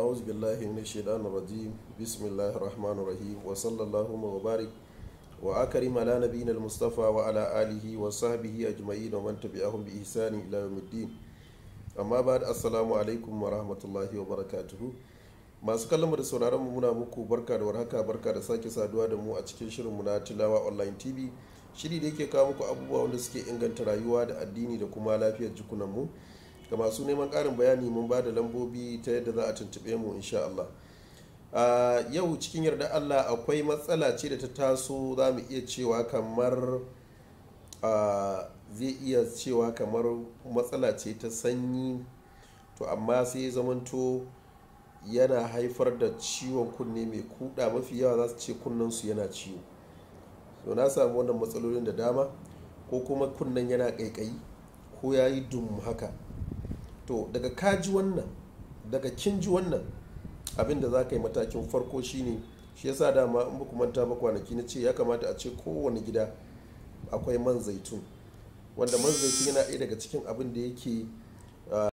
أعوذ بالله من الشيطان الرجيم بسم الله الرحمن الرحيم وصلى اللهم al وأكرم wa نبينا المصطفى وعلى آله وصحبه أجمعين ومن تبعهم بإحسان إلى يوم الدين amma ba da assalamu alaikum wa rahmatullahi wa barakatuhu masu kallon da sauraron mu muna muku barka da warhaka barka da sake saduwa da mu a cikin mu na tilawa online tv shiri da yake kawo muku abubuwa wanda suke inganta rayuwa da addini da kuma lafiyar jikunan mu ga masu neman ƙarin bayani mun ba da lambobi ta yadda za a tuntube mu insha Allah a yau cikin yarda Allah akwai matsala ce da ta taso za mu iya cewa kamar zai iya cewa kamar matsala ce ta sanyi to amma sai zamanto yana haifar da ciwon kunne mai kuɗa mafi yawa za su ce kunnensu yana ciwo to na samu wannan matsalolin da dama ko kuma kunnan yana ƙaiƙayi ko ya yi dum haka to daga kaji wannan daga kinji wannan abinda za ka yi matakin farko shine shi yasa dama in baku manta ba kwanaki na ce ya kamata a ce kowane gida akwai man zaitun wanda man zaitun yana ɗaya daga cikin abin da yake ah,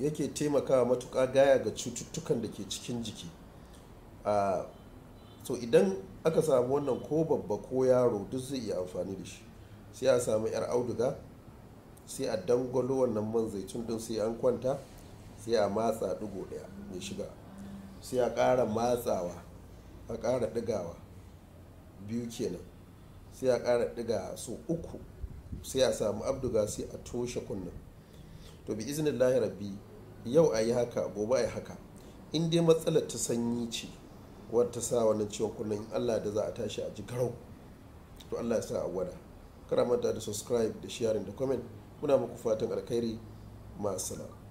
yake taimakawa matuka gaya ga cututtukan da ke cikin jiki so ah, idan aka samu wannan ko babba ko yaro duk zai iya amfani da shi sai a samu 'yar auduga sai a dangwalo wannan man zaitun din sai an kwanta sai a matsa digo daya mai shiga sai a ƙara matsawa a ƙara digawa biyu kenan sai a ƙara ɗiga so uku sai a samu abduga sai a toshe kunnan to bi iznin rabbi yau a yi haka gobe a yi haka in dai matsalar ta sanyi ce wata sa wani ciwon kunnan allah da za a tashi a ji garau to allah ya sa a gwada kada da subscribe da sharing da comment muna muku fatan alkhairi ma'asala